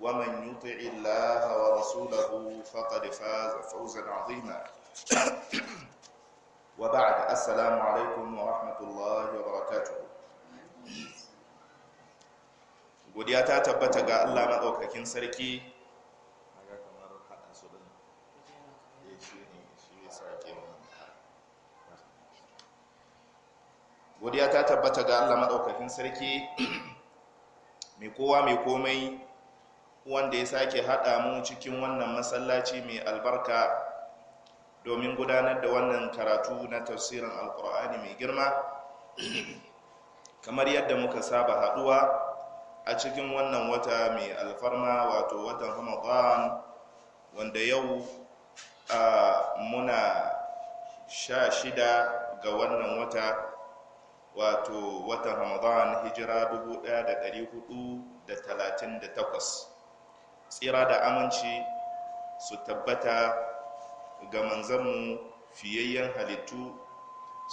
ومن يطع الله ورسوله فقد فاز فوزا عظيما وبعد السلام عليكم ورحمة الله وبركاته godiya ta tabbata ga Allah maɗaukakin sarki godiya ta tabbata ga Allah maɗaukakin sarki mai kowa mai komai wanda ya sake haɗa mu cikin wannan masallaci mai albarka domin gudanar da wannan karatu na tafsirin alkur'ani mai girma kamar yadda muka saba haɗuwa a cikin wannan wata mai alfarma wato watan ramadan wanda yau a muna sha shida ga wannan wata wato watan ramadan hijira 1438 tsira da aminci su tabbata ga manzanmu fiyayyen halittu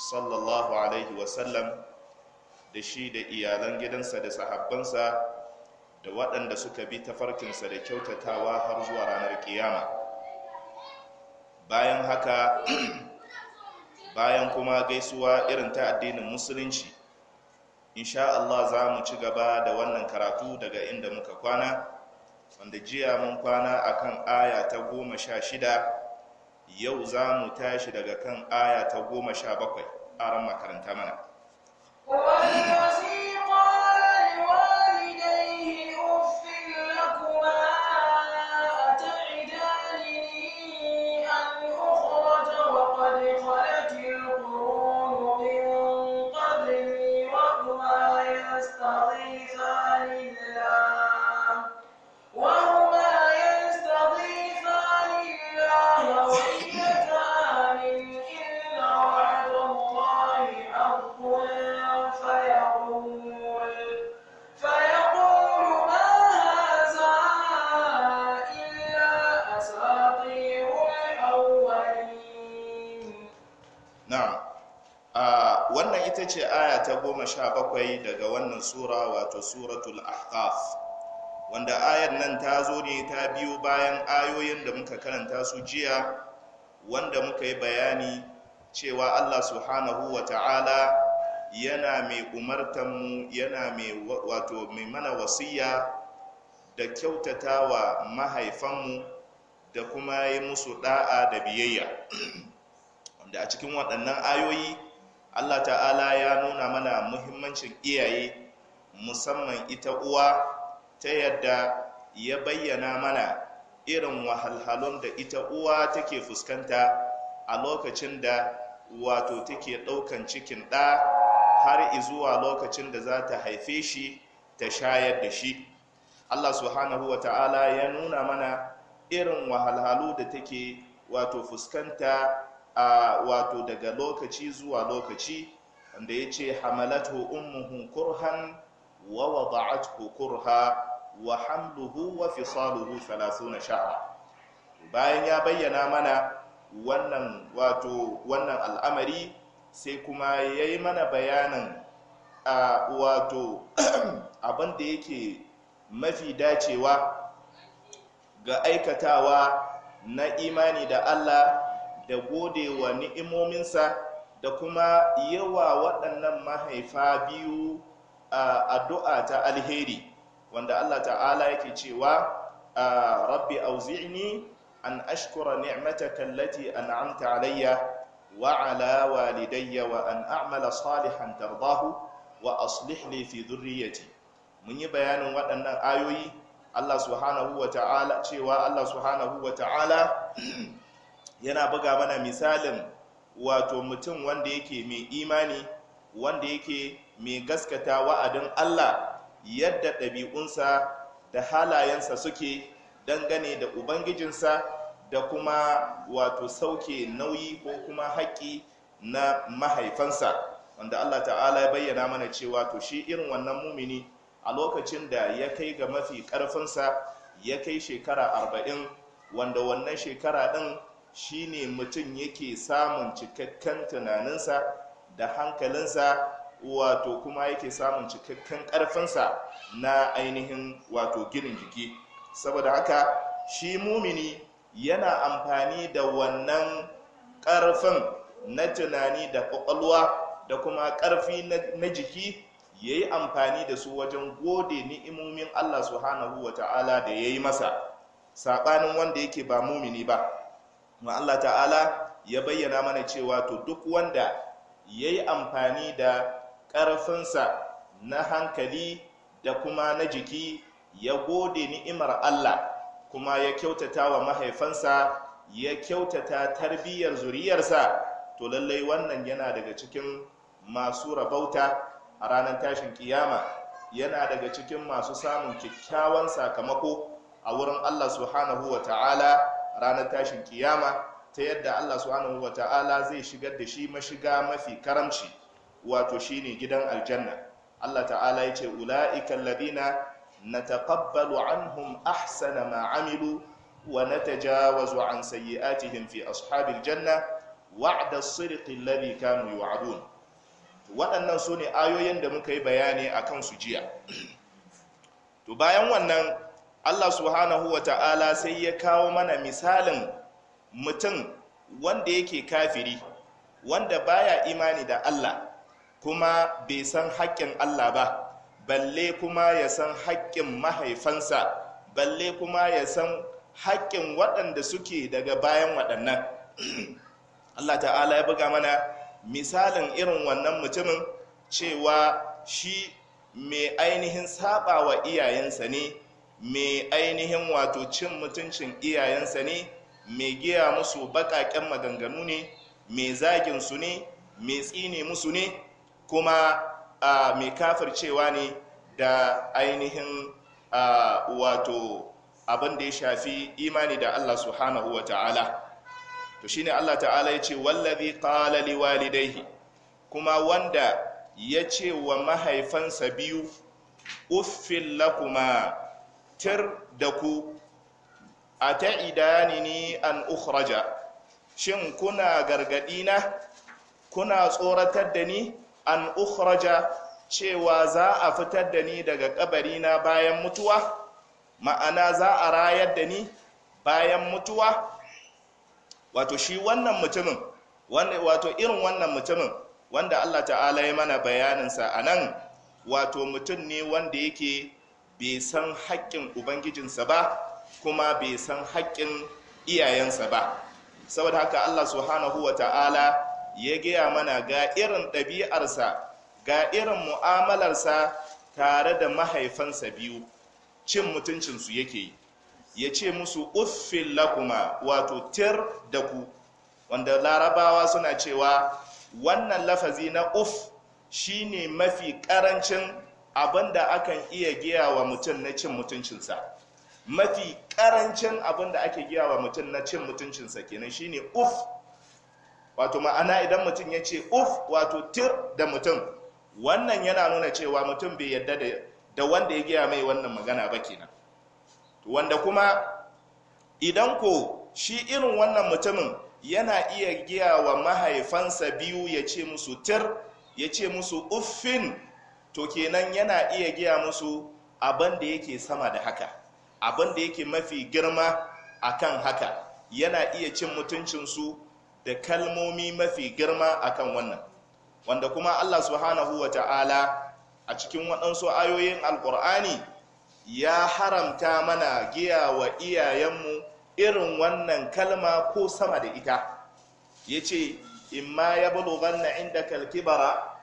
sallallahu alaihi wasallam da shi da iyalan gidansa da sahabbansa da waɗanda suka bi tafarkinsa da kyautatawa har zuwa ranar kiyama bayan haka bayan kuma gaisuwa irin ta addinin musulunci insha Allah za mu ci gaba da wannan karatu daga inda muka kwana wanda jiya mun kwana a kan aya ta goma sha shida yau za mu tashi daga kan aya ta goma sha bakwai a ran makaranta mana ce aya ta goma sha bakwai daga wannan sura wato suratul ahqaf wanda ayar nan ta zo ne ta biyo bayan ayoyin da muka karanta su jiya wanda muka yi bayani cewa allah subhanahu wa ta'ala yana mai umartanmu yana mai wato mai mana wasiya da kyautata wa mahaifanmu da kuma yi musu da'a da biyayya wanda a cikin waɗannan ayoyi Allah ta'ala ya nuna mana muhimmancin iyaye musamman ita uwa ta yadda ya bayyana mana irin wahalhalun da ita uwa take fuskanta a lokacin da wato take ɗaukan cikin ɗa har izuwa lokacin da za ta haife shi ta shayar da shi Allah subhanahu wa ta'ala ya nuna mana irin wahalhalu da take wato fuskanta a wato daga lokaci zuwa lokaci wanda ya ce hamalatu ummuhu kurhan wa wada'athu kurha wa hamluhu wa fisaluhu 30 sha'a bayan ya bayyana mana wannan wato wannan al'amari sai kuma ya yi mana bayanin a wato abin da yake mafi dacewa ga aikatawa na imani da Allah da godewa ni'imominsa da kuma yawa waɗannan mahaifa biyu addu'a ta alheri wanda Allah ta'ala yake cewa rabbi auzi'ni an ashkura ni'mataka allati an'amta alayya wa ala walidayya wa an a'mala salihan tardahu wa aslih li fi dhurriyyati mun yi bayanin waɗannan ayoyi Allah subhanahu wa ta'ala cewa Allah subhanahu wa ta'ala yana buga mana misalin wato mutum wanda yake mai imani wanda yake mai gaskata wa'adin Allah yadda ɗabi'unsa da halayensa suke dangane da ubangijinsa da kuma wato sauke nauyi ko kuma haƙƙi na mahaifansa wanda Allah ta'ala ya bayyana mana cewa to shi irin wannan mumini a lokacin da ya kai ga mafi ƙarfinsa ya kai shekara arba'in wanda wannan shekara ɗin Shi ne mutum yake samun cikakken tunaninsa da hankalinsa wato kuma yake samun cikakken ƙarfinsa na ainihin wato ginin jiki saboda haka shi mumini yana amfani da wannan ƙarfin na tunani da ƙwaƙwalwa da kuma ƙarfi na jiki ya yi amfani da su wajen gode ni'imomin allah subhanahu wa ta'ala da ya yi masa saɓanin wanda yake ba mumini ba kuma Allah ta'ala ya bayyana mana cewa to duk wanda ya yi amfani da ƙarfinsa na hankali da kuma na jiki ya gode ni'imar Allah kuma ya kyautata wa mahaifansa ya kyautata tarbiyyar zuriyarsa to lallai wannan yana daga cikin masu rabauta a ranar tashin kiyama yana daga cikin masu samun kyakkyawan sakamako a wurin Allah subhanahu wa ta'ala ranar tashin kiyama ta yadda Allah subhanahu wata'ala zai shigar da shi mashiga mafi karamci wato shine gidan aljanna Allah ta'ala ya ce ula'ikal ladina nataqabbalu anhum ahsana ma amilu wa natajawazu an sayyi'atihim fi ashabil janna wa'da as-sidqi alladhi kanu yu'adun waɗannan sune ne ayoyin da muka yi bayani a kansu jiya to bayan wannan Allah subhanahu wa ta'ala sai ya kawo mana misalin mutum wanda yake kafiri wanda baya imani da Allah kuma bai san haƙƙin Allah ba balle kuma ya san haƙƙin mahaifansa balle kuma ya san haƙƙin waɗanda suke daga bayan waɗannan Allah ta'ala ya buga mana misalin irin wannan mutumin cewa shi mai ainihin saba wa iyayensa ne mai ainihin wato cin mutuncin iyayensa ne mai giya musu baƙaƙen maganganu ne mai zagin su ne mai tsine musu ne kuma mai kafircewa ne da ainihin wato abin da ya shafi imani da Allah subhanahu wa ta'ala to shine Allah ta'ala ya ce wallazi qala liwalidayhi kuma wanda ya ce wa mahaifansa biyu uffin lakuma tir da ku a ta idanini an ukhraja shin kuna na kuna tsoratar da ni an ukhraja cewa za a fitar da ni daga kabarina bayan mutuwa ma'ana za a rayar da ni bayan mutuwa wato shi wannan mutumin wato irin wannan mutumin wanda Allah ta'ala ya mana bayaninsa a nan wato mutum ne wanda yake bai san haƙƙin ubangijinsa ba kuma bai san haƙƙin iyayensa ba saboda haka allah subhanahu wa ta'ala ya gaya mana ga irin ɗabi'arsa ga irin mu'amalarsa tare da mahaifansa biyu cin mutuncinsu yake yi ya ce musu uffin lakuma wato tir da ku wanda larabawa suna cewa wannan lafazi na uff shine mafi ƙarancin Abin da akan iya giya wa mutum na cin mutuncinsa mafi karancin da ake giya wa mutum na cin mutuncinsa kenan shine uf wato ma'ana idan mutum ya ce uf wato tir da mutum wannan yana nuna cewa mutum bai yadda da wanda ya giya mai wannan magana ba kenan wanda kuma idan ko shi irin wannan mutumin yana iya giya wa mahaifansa biyu ya ce musu tir ya ce musu uffin to kenan yana iya giya musu abin da yake sama da haka abin da yake mafi girma akan haka yana iya cin mutuncinsu da kalmomi mafi girma akan wannan wanda kuma allah subhanahu wa ta'ala a cikin waɗansu ayoyin alkur'ani ya haramta mana giya wa iyayenmu irin wannan kalma ko sama da ita ya ce in ma ya ganna inda kalkibara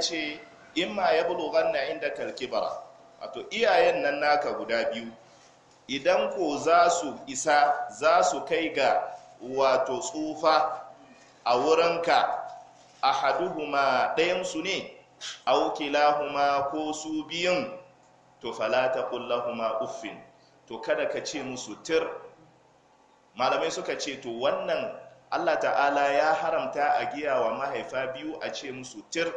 ce in ma ya bulogan na inda kalkibara wato iyayen nan naka guda biyu idan ko za su isa za su kai ga wato tsufa a wurinka a haduhuma ɗayansu ne aukilahuma ko su biyun to falata kullahuma uffin to kada ka ce musu tir malamai suka ce to wannan allah ta'ala ya haramta a giya wa mahaifa biyu a ce musu tir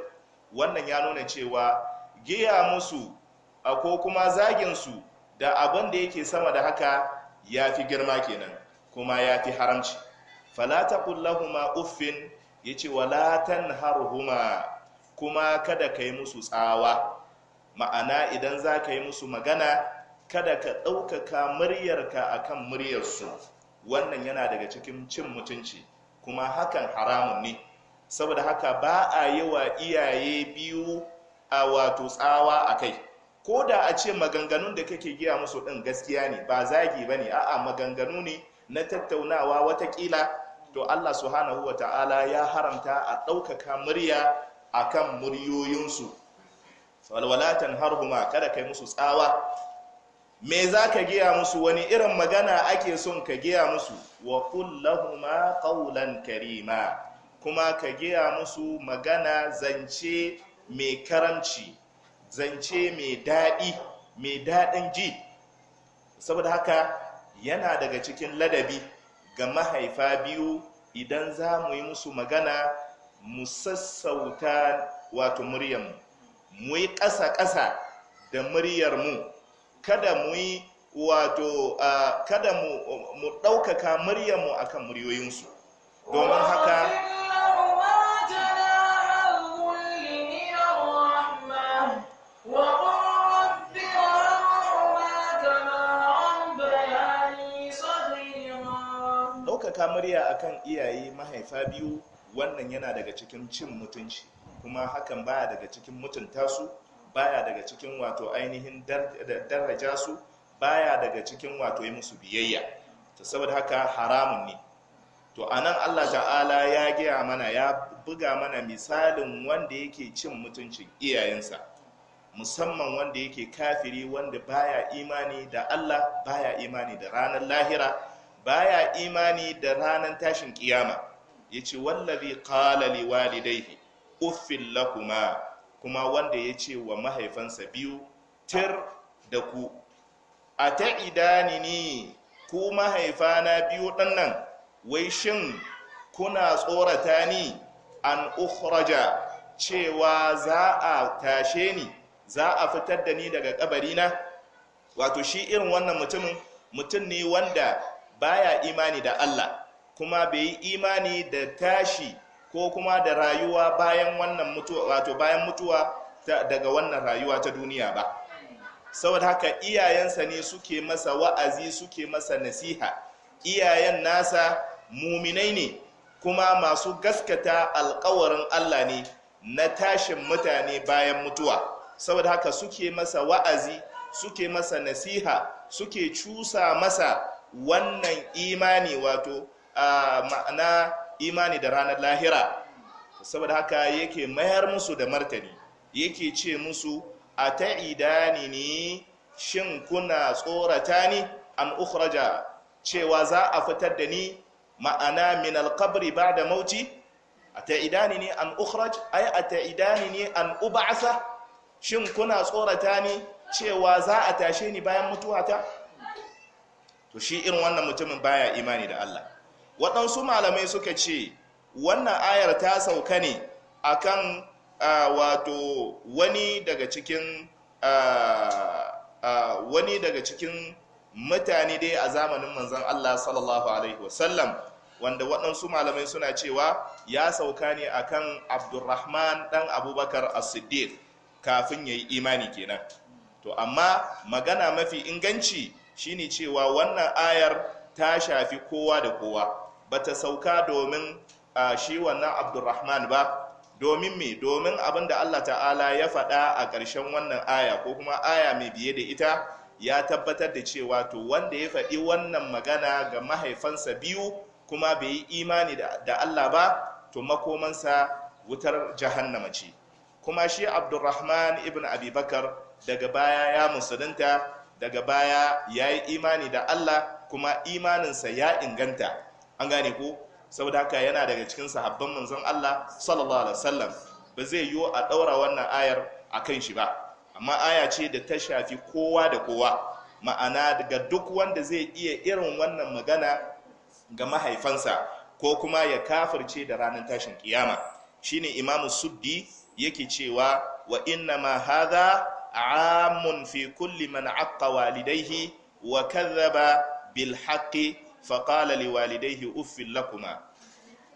wannan ya nuna cewa giya musu a ko kuma zaginsu da abin da yake sama da haka ya fi girma kenan kuma ya fi haramci falata kullahuma uffin ya ce walatan harhuma kuma kada ka yi musu tsawa ma'ana idan za ka yi musu magana kada ka ɗaukaka muryarka akan muryarsu wannan yana daga cikin cin mutunci kuma hakan haramun ne saboda haka ba a yi wa iyaye biyu a wato tsawa a kai ko da a ce maganganun da kake giya musu ɗin gaskiya ne ba zagi ba ne a'a maganganu ne na tattaunawa watakila to allah subhanahu wa ta'ala ya haramta a ɗaukaka murya a kan muryoyinsu walwalatan harhuma kada kai musu tsawa me za ka giya musu wani irin magana ake son ka giya musu wa kullahuma ƙaulan karima kuma ka gaya musu magana zance mai karamci zance mai daɗi mai daɗin ji saboda haka yana daga cikin ladabi ga mahaifa biyu idan za mu yi musu magana musassauta sassauta wato muryarmu mu yi ƙasa-ƙasa da muryarmu kada mu yi wato kada mu ɗaukaka muryarmu akan muryoyinsu domin haka ɗaukaka murya akan iyaye mahaifa biyu wannan yana daga cikin cin mutunci kuma hakan baya daga cikin mutunta su baya daga cikin wato ainihin daraja su baya daga cikin wato yi musu biyayya ta saboda haka haramun ne to anan Allah ta'ala ya gaya mana ya buga mana misalin wanda yake cin mutuncin iyayensa musamman wanda yake kafiri wanda baya imani da Allah baya imani da ranar lahira baya imani da ranar tashin kiyama yace wallazi qala liwalidayhi uffil lakuma kuma wanda ya ce wa mahaifansa biyu tir da ku A idani ni ku mahaifana biyu ɗannan wai shin kuna tsorata ni an ukhraja cewa za a tashe ni za a fitar da ni daga kabarina wato shi irin wannan mutumin mutum ne wanda baya imani da Allah kuma bai yi imani da tashi ko kuma da rayuwa bayan wannan mutuwa wato bayan mutuwa daga wannan rayuwa ta duniya ba saboda haka iyayensa ne suke masa wa'azi suke masa nasiha iyayen nasa muminai ne kuma masu gaskata alkawarin Allah ne na tashin mutane bayan mutuwa saboda haka suke masa wa'azi suke masa nasiha suke cusa masa wannan imani wato ma'ana imani da ranar lahira saboda haka yake mayar musu da martani yake ce musu a ta'idani ne shin kuna tsorata ni an ukhraja cewa za a fitar da ni ma'ana min alqabri ba'da mauti a ta'idani ne an ukhraj ay a ta'idani ne an ub'asa shin kuna tsorata ni cewa za a tashe ni bayan mutuwata to shi irin wannan mutumin baya imani da Allah waɗansu malamai suka ce wannan ayar ta sauka ne akan wato wani daga cikin wani daga cikin mutane dai a zamanin manzan Allah sallallahu alaihi wasallam wanda waɗansu malamai suna cewa ya sauka ne akan Abdurrahman ɗan Abubakar As-Siddiq kafin yi imani kenan to amma magana mafi inganci shine cewa wannan ayar ta shafi kowa da kowa bata sauka domin shi wannan abdurrahman ba domin me domin abin da allah ta'ala ya faɗa a ƙarshen wannan aya ko kuma aya mai biye da ita ya tabbatar da cewa to wanda ya faɗi wannan magana ga mahaifansa biyu kuma bai yi imani da allah ba to makomansa wutar jahannama ce kuma shi abdurrahman ibn abubakar daga baya ya musulunta daga baya ya yi imani da Allah kuma imaninsa ya inganta an gane ko saboda haka yana daga cikin sahabban manzon Allah sallallahu alaihi wasallam ba zai yiwu a ɗaura wannan ayar a kan shi ba amma aya ce da ta shafi kowa da kowa ma'ana daga duk wanda zai iya irin wannan magana ga mahaifansa ko kuma ya kafirce da ranar tashin kiyama shine imamu suddi yake cewa wa inna ma hadha amun fi kulli man walidaihi wa kadhaba bil haqqi fa qala li walidaihi uffil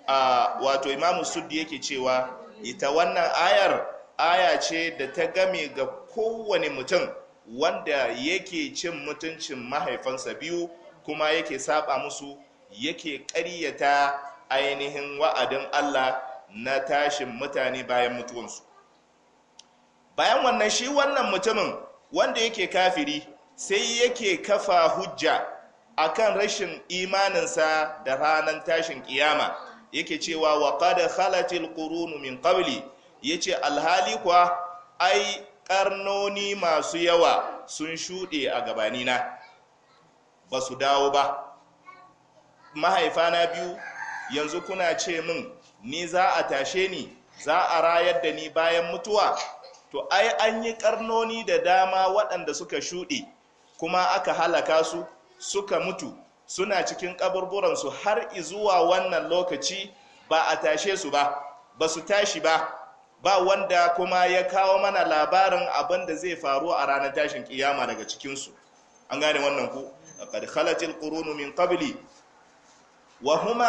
a wato imamu Sudi yake cewa ita wannan ayar aya ce da ta game ga kowane mutum wanda yake cin mutuncin mahaifansa biyu kuma yake saba musu yake ƙaryata ainihin wa'adin Allah na tashin mutane bayan mutuwansu bayan wannan shi wannan mutumin wanda yake kafiri sai yake kafa hujja a kan rashin imaninsa da ranar tashin kiyama yake cewa wa qad khalatil qurunu min qabli yace alhali kuwa ai karnoni masu yawa sun shuɗe a gabanina ba su dawo ba mahaifana biyu yanzu kuna ce min ni za a tashe ni za a rayar da ni bayan mutuwa to ai an yi karnoni da dama waɗanda suka shuɗe kuma aka halaka su suka mutu suna cikin su har zuwa wannan lokaci ba a tashe su ba ba su tashi ba ba wanda kuma ya kawo mana labarin abin da zai faru a ranar tashin kiyama daga cikinsu an gane wannan ku qad khalatil qurunu min ƙabili wa huma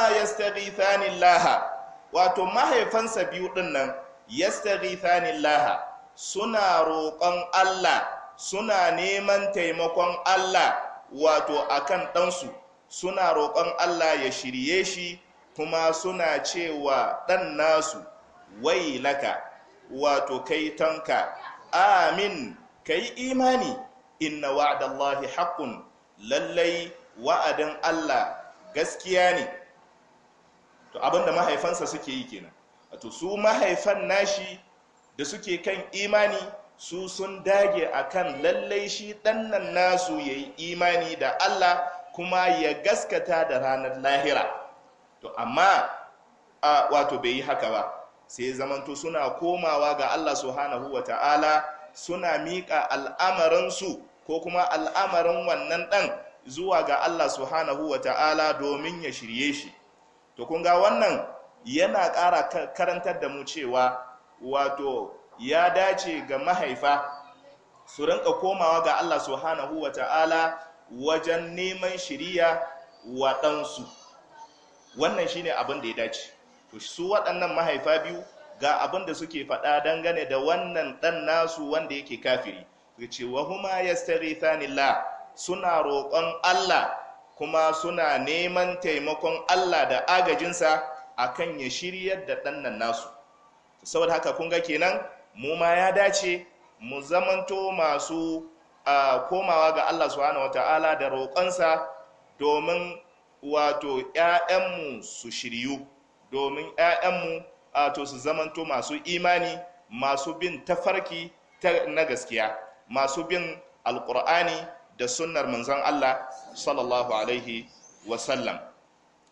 laha wato mahaifansa biyu din nan yastaghithani laha suna roƙon Allah suna neman taimakon Allah wato akan ɗansu suna roƙon Allah ya shirye shi kuma suna cewa ɗan nasu wai laka wato kai tanka amin kai imani inna wa'adallahi haƙun lallai wa'adin Allah gaskiya ne to abinda mahaifansa suke yi kenan wato su mahaifan nashi da suke kan imani su sun dage a kan lallai shi ɗannan nasu ya yi imani da Allah kuma ya gaskata da ranar lahira to amma a wato bai yi haka ba sai zamanto suna komawa ga Allah subhanahu wa ta'ala suna miƙa al'amarinsu ko kuma al'amarin wannan ɗan zuwa ga Allah subhanahu wa ta'ala domin ya shirye shi to kun ga wannan yana ƙara karantar da mu cewa wato ya dace ga mahaifa su rinka komawa ga Allah subhanahu wa ta'ala wajen neman shiriya wa ɗansu wannan shine abin da ya dace su waɗannan mahaifa biyu ga abin da suke faɗa dangane da wannan ɗan nasu wanda yake kafiri suka ce wa huma yastaghithanillah suna roƙon Allah kuma suna neman taimakon Allah da agajinsa akan ya shiryar da ɗannan nasu saboda haka kun ga kenan mu ma ya dace mu zamanto masu komawa ga Allah subhanahu wataala da roƙonsa domin wato ƴaƴanmu su shiryu domin ƴaƴanmu wato su zamanto masu imani masu bin tafarki na gaskiya masu bin alƙur'ani da sunnar manzon Allah sallallahu alaihi wasallam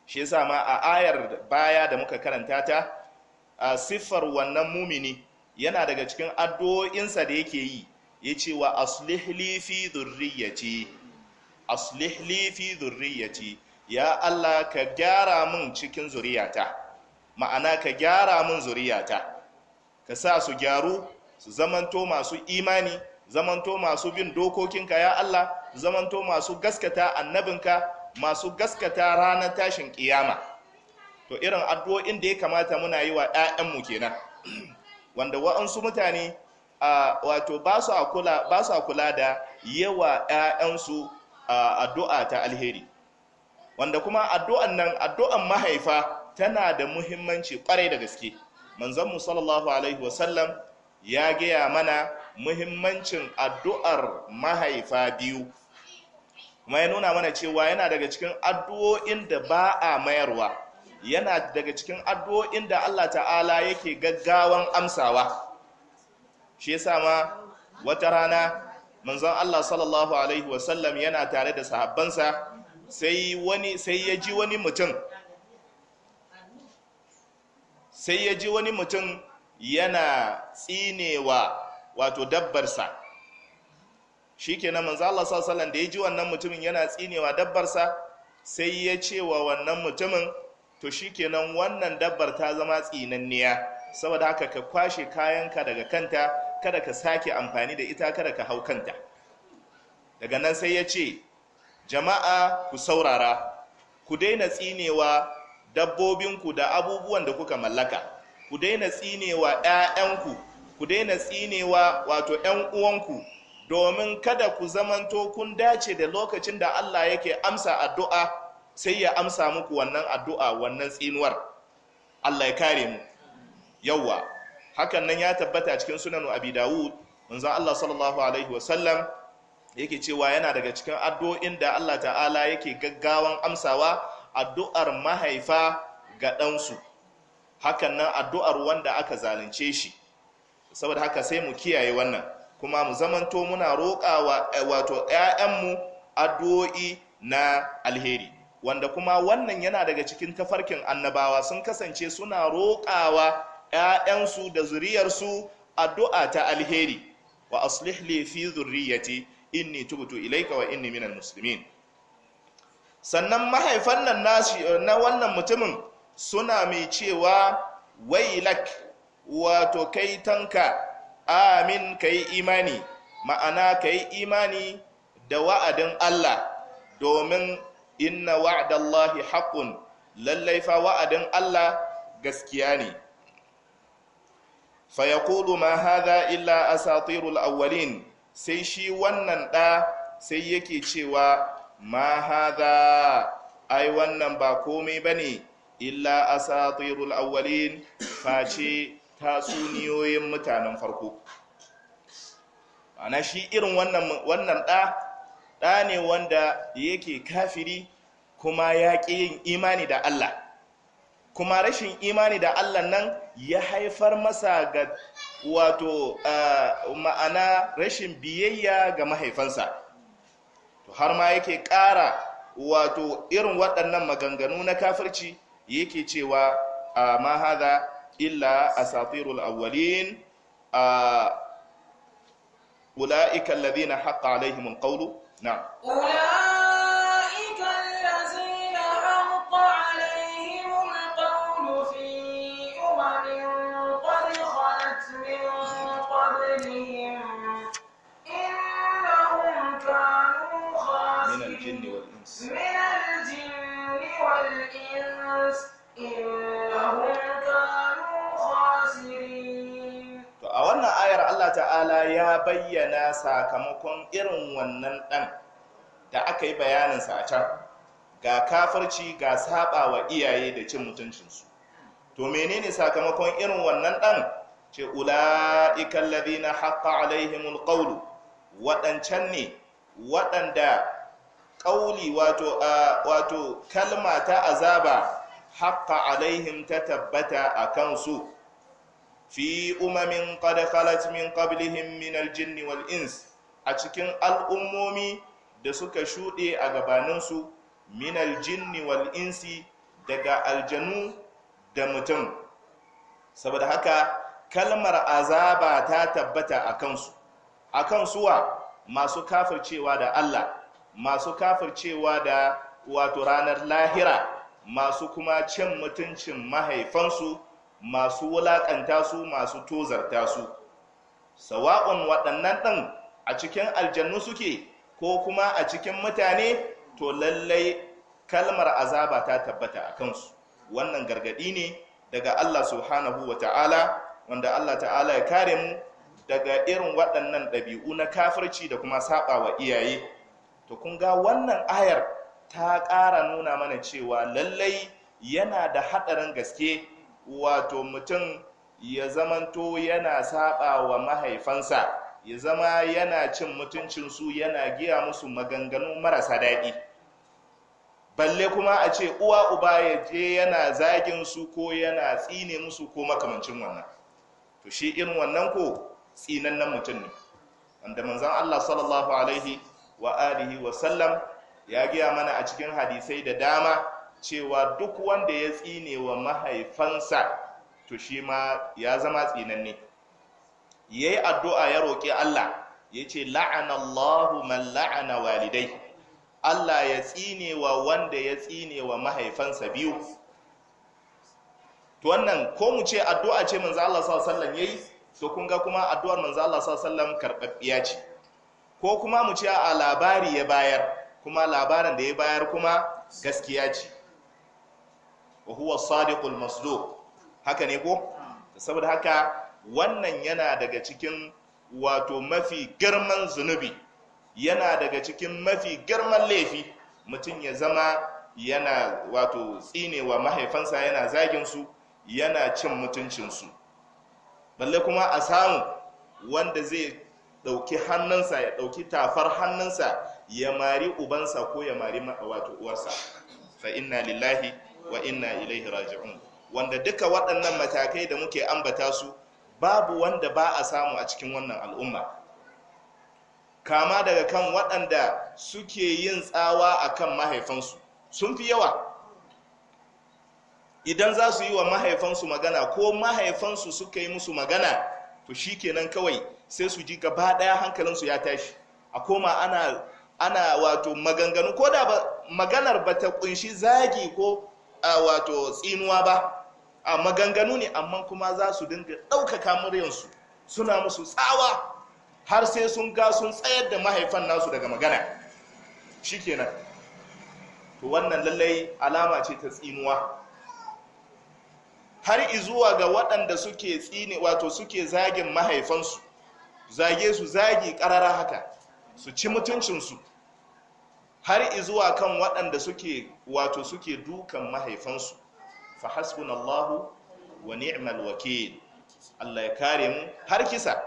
shi yasa ma a ayar baya da muka karanta ta a siffar wannan mumini yana daga cikin addu'o'insa da yake yi ya ce wa aslihli fi zurriyati aslihli fi zurriyati ya Allah ka gyara min cikin zuriyata ma'ana ka gyara min zuriyata ka sa su gyaru su zamanto masu imani zamanto masu bin dokokinka ya Allah zamanto masu gaskata annabinka masu gaskata ranar tashin kiyama to irin addu'o'in da ya kamata muna yi wa 'ya'yanmu kenan wanda wa'ansu mutane wato ba su kula da yawa 'ya'yansu addu'a ta alheri wanda kuma addu'an nan addu'an mahaifa tana da muhimmanci kwarai da gaske manzanmu sallallahu alaihi wasallam ya gaya mana muhimmancin addu'ar mahaifa biyu kuma ya nuna mana cewa yana daga cikin addu'o'in da ba a mayarwa yana daga cikin addu'o'in da Allah ta'ala yake gaggawan amsawa shi ya ma wata rana manzan Allah sallallahu alaihi wasallam yana tare da sahabbansa sai ya ji wani mutum sai ya ji wani mutum yana tsinewa wato dabbarsa shikenan manzan Allah sallallahu alaihi wasallam da ya ji wannan mutumin yana tsinewa dabbarsa sai ya ce wa wannan mutumin to shi shikenan wannan dabbar ta zama tsinanniya saboda haka ka kwashe kayanka daga kanta kada ka sake amfani da ita kada ka hau kanta daga nan sai ya ce jama'a ku saurara ku daina tsinewa dabbobinku da abubuwan da kuka mallaka ku daina tsinewa 'ya'yanku ku daina tsinewa wato 'yan uwanku domin kada ku zamanto kun dace da lokacin da Allah yake amsa addu'a sai ya amsa muku wannan addu'a wannan tsinuwar Allah ya kare mu yawwa hakan nan ya tabbata cikin sunanu abi dawud manzon Allah sallallahu alaihi wasallam yake cewa yana daga cikin addu'o'in da Allah ta'ala yake gaggawan amsawa addu'ar mahaifa ga ɗansu hakan nan addu'ar wanda aka zalunce shi saboda haka sai mu kiyaye wannan kuma mu zamanto muna roƙa wato ‘ya'yanmu addu'o'i na alheri wanda kuma wannan yana daga cikin tafarkin annabawa sun kasance suna roƙawa 'ya'yansu da zuriyarsu addu'a ta alheri wa aslih li fi zurriyati inni tubtu ilayka wa inni minal muslimin sannan mahaifan nan na wannan mutumin suna mai cewa wailak wato kai tanka amin kai imani ma'ana kai imani da wa'adin Allah domin inna wa'adallahi haqqun lallai fa wa'adin Allah gaskiya ne fa yaqulu ma hadha illa asatirul awwalin sai shi wannan da sai yake cewa ma hadha ai wannan ba komai bane illa asatirul awwalin face tatsuniyoyin mutanen farko ana shi irin wannan wannan da ɗa ne wanda yake kafiri kuma ya ƙi yin imani da Allah kuma rashin imani da Allah nan ya haifar masa ga wato ma'ana rashin biyayya ga mahaifansa har ma yake ƙara wato irin waɗannan maganganu na kafirci yake cewa ma haza illa safirul awwalin ula'ika lalina haƙa alaihimun ƙaulu? 那儿。Allah ta'ala ya bayyana sakamakon irin wannan ɗan da aka yi bayaninsa a can ga kafarci ga saba wa iyaye da cin mutuncinsu to menene sakamakon irin wannan ɗan ce ula'ikan na haƙa alaihimul ƙaulu waɗancan ne waɗanda ƙauli wato kalma ta azaba haƙa alaihim ta tabbata a kansu fi umamin qad khalat min qablihim min aljinni wal a cikin al'ummomi da suka shuɗe a gabaninsu min aljinni wal insi daga aljanu da mutum saboda haka kalmar azaba ta tabbata a kansu a kansu wa masu kafircewa da Allah masu kafircewa da wato ranar lahira masu kuma cin mutuncin mahaifansu masu wulaƙanta su masu tozarta su sawa'un waɗannan ɗin a cikin aljannu suke ko kuma a cikin mutane to lallai kalmar azaba ta tabbata a kansu wannan gargaɗi ne daga allah subhanahu wa ta'ala wanda allah ta'ala ya kare mu daga irin waɗannan ɗabi'u na kafirci da kuma saɓa wa iyaye to kun ga wannan ayar ta ƙara nuna mana cewa lallai yana da haɗarin gaske wato mutum ya zamanto yana saba wa mahaifansa ya zama yana cin mutuncinsu yana giya musu maganganu marasa daɗi balle kuma a ce uwa uba ya je yana zagin su ko yana tsine musu ko makamancin wannan to shi irin wannan ko tsinannen mutum ne wanda manzon Allah sallallahu alaihi wa alihi wa sallam ya giya mana a cikin hadisai da dama cewa duk wanda ya tsine wa mahaifansa to shi ma ya zama tsinanne ya yi addu'a ya roƙi Allah ya ce la'anallahu man la'ana walidai Allah ya tsine wa wanda ya tsine wa mahaifansa biyu to wannan ko mu ce addu'a ce manzo Allah sallan ya yayi to kun ga kuma addu'ar manzo Allah sallan karɓaɓɓiya ce ko kuma mu ce a labari ya bayar kuma labarin da ya bayar kuma gaskiya ce wa huwa sadiqul masduq haka ne ko saboda haka wannan yana daga cikin wato mafi girman zunubi yana daga cikin mafi girman laifi mutum ya zama yana wato tsinewa mahaifansa yana zagin su yana cin mutuncinsu balle kuma a samu wanda zai ɗauki hannunsa ya ɗauki tafar hannunsa ya mari ubansa ko ya mari wato uwarsa fa inna lillahi wa inna ilaihi raji'un wanda duka waɗannan matakai da muke ambata su babu wanda ba a samu a cikin wannan al'umma kama daga kan waɗanda suke yin tsawa a kan mahaifansu sun fi yawa idan za su yi wa mahaifansu magana ko mahaifansu suka yi musu magana to shi kenan kawai sai su ji gaba ɗaya hankalinsu ya tashi a koma ana ana wato maganganu ko da maganar ba ta kunshi zagi ko A wato tsinuwa ba a maganganu ne amma kuma za su dinga ɗaukaka muryansu suna musu tsawa har sai sun ga sun tsayar da mahaifan nasu daga magana shikenan to wannan lallai alama ce ta tsinuwa har izuwa ga waɗanda suke tsine wato suke zagin mahaifansu zage su zagi ƙarara haka su ci mutuncinsu har izuwa kan waɗanda suke wato suke dukan mahaifansu fa hasbunallahu wa ni'mal wakil Allah ya kare mu har kisa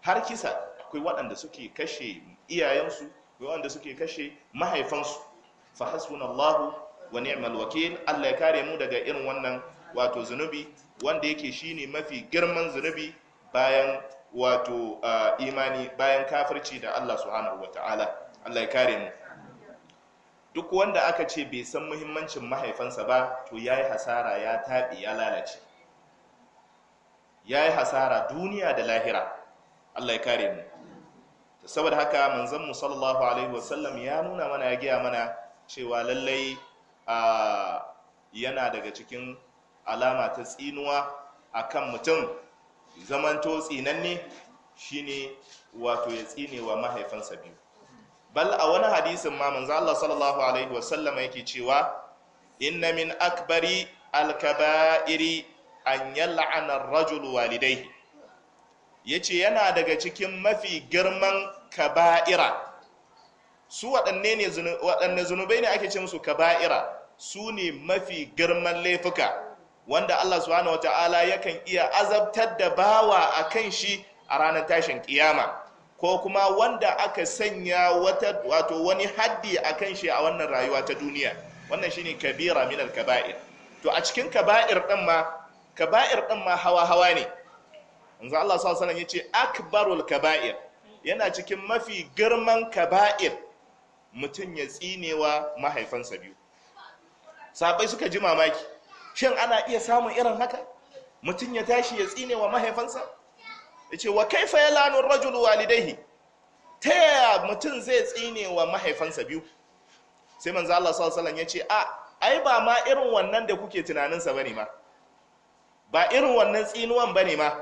har kisa akwai waɗanda suke kashe iyayensu akwai waɗanda suke kashe mahaifansu fa hasbunallahu wa ni'mal wakil Allah ya kare mu daga irin wannan wato zunubi wanda yake shine mafi girman zunubi bayan wato imani bayan kafirci da Allah subhanahu wataala Allah ya kare mu duk wanda aka ce bai san muhimmancin mahaifansa ba to ya yi hasara ya taɓi ya lalace ya yi hasara duniya da lahira allah ya kare mu saboda haka manzanmu sallallahu alaihi wasallam ya nuna mana ya gaya mana cewa lallai yana daga cikin alama ta tsinuwa a kan mutum zamanto tsinanne shine wato ya tsinewa wa mahaifansa biyu bal a wani hadisin ma manzo Allah sallallahu alaihi wa sallama yake cewa inna min akbari alkaba'iri an yal'ana ar-rajul walidayhi yace yana daga cikin mafi girman kaba'ira su waɗanne ne waɗanne zunubai ne ake ce musu kaba'ira su ne mafi girman laifuka wanda Allah subhanahu wataala yakan iya azabtar da bawa akan shi a ranar tashin kiyama ko kuma wanda aka sanya wata wato wani haddi a kan shi a wannan rayuwa ta duniya wannan shine kabira min al-kaba'ir to a cikin kaba'ir ɗin ma kaba'ir din ma hawa hawa ne manzo Allah sallallahu alaihi yace akbarul kaba'ir yana cikin mafi girman kaba'ir mutum ya tsinewa mahaifansa biyu sabai suka ji mamaki shin ana iya samun irin haka mutum ya tashi ya tsinewa mahaifansa yace wa kaifa lanu rajulu walidaihi ta yaya mutum zai tsine wa mahaifansa biyu sai manzo Allah sallallahu alaihi yace a ai ba ma irin wannan da kuke tunaninsa bane ma ba irin wannan tsinuwan bane ma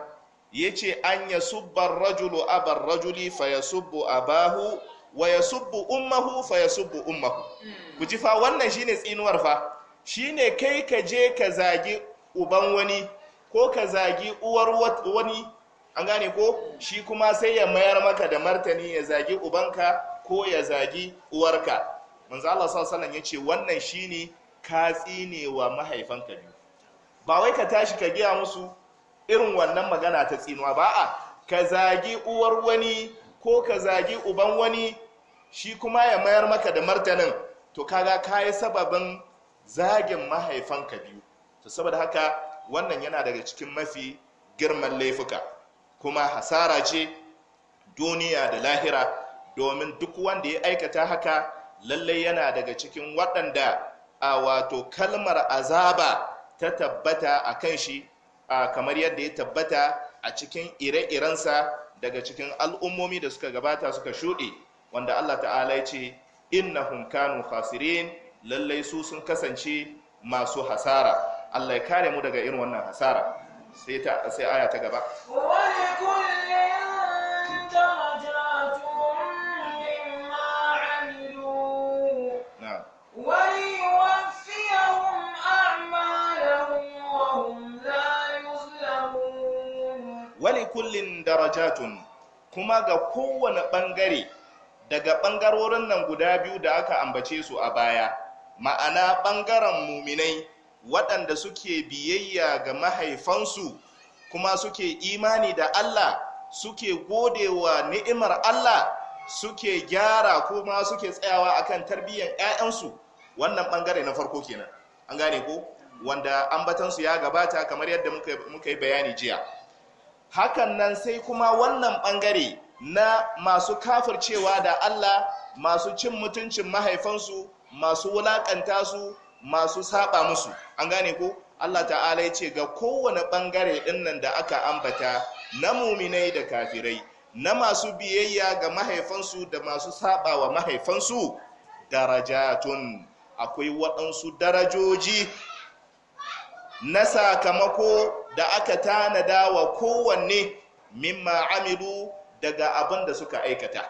yace an yasubba rajulu abar rajuli fayasubbu abahu wa yasubbu ummahu fayasubbu ummahu hmm. ku ji fa wannan shine tsinuwar fa shine kai ka je ka zagi uban wani ko ka zagi uwar wani an gane ko shi kuma sai ya mayar maka da martani ya zagi ubanka ko ya zagi uwarka manzo Allah sallallahu alaihi ya ce wannan shine ka tsine wa mahaifanka biyu ba wai ka tashi ka giya musu irin wannan magana ta tsinuwa ba a ka zagi uwar wani ko ka zagi uban wani shi kuma ya mayar maka da martanin to kaga kayi sababin zagin mahaifanka biyu to saboda haka wannan yana daga cikin mafi girman laifuka kuma hasara ce duniya da lahira domin duk wanda ya aikata haka lallai yana daga cikin waɗanda a wato kalmar azaba ta tabbata a kan shi kamar yadda ya tabbata a cikin ire-irensa daga cikin al'ummomi da suka gabata suka shuɗe wanda Allah ta'ala ya ce inna hunkanu fasirin lallai su sun kasance masu hasara Allah ya kare mu daga irin wannan hasara sai ta sai aya ta gaba wani kullin darajatun kuma ga kowane ɓangare daga ɓangarorin nan guda biyu da aka ambace su a baya ma'ana ɓangaren muminai waɗanda suke biyayya ga mahaifansu kuma suke imani da Allah suke godewa ni'imar Allah suke gyara kuma suke tsayawa akan tarbiyyar 'ya'yansu wannan bangare na farko kenan an gane ko wanda ambatansu ya gabata kamar yadda muka yi bayani jiya hakan nan sai kuma wannan ɓangare na masu kafircewa da Allah masu cin mutuncin mahaifansu masu wulakanta su masu saba musu an gane ko Allah ta'ala ya ce ga kowane bangare dinnan da aka ambata na muminai da kafirai na masu biyayya ga mahaifansu da masu saba wa mahaifansu darajatun akwai waɗansu darajoji na sakamako da aka tanada wa kowanne mimma amilu daga abin da suka aikata